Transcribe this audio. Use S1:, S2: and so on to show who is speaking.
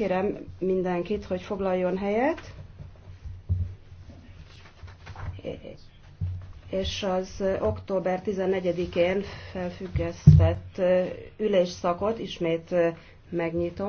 S1: Kérem mindenkit, hogy foglaljon helyet, és az október 14-én felfüggesztett ülésszakot ismét
S2: megnyitom.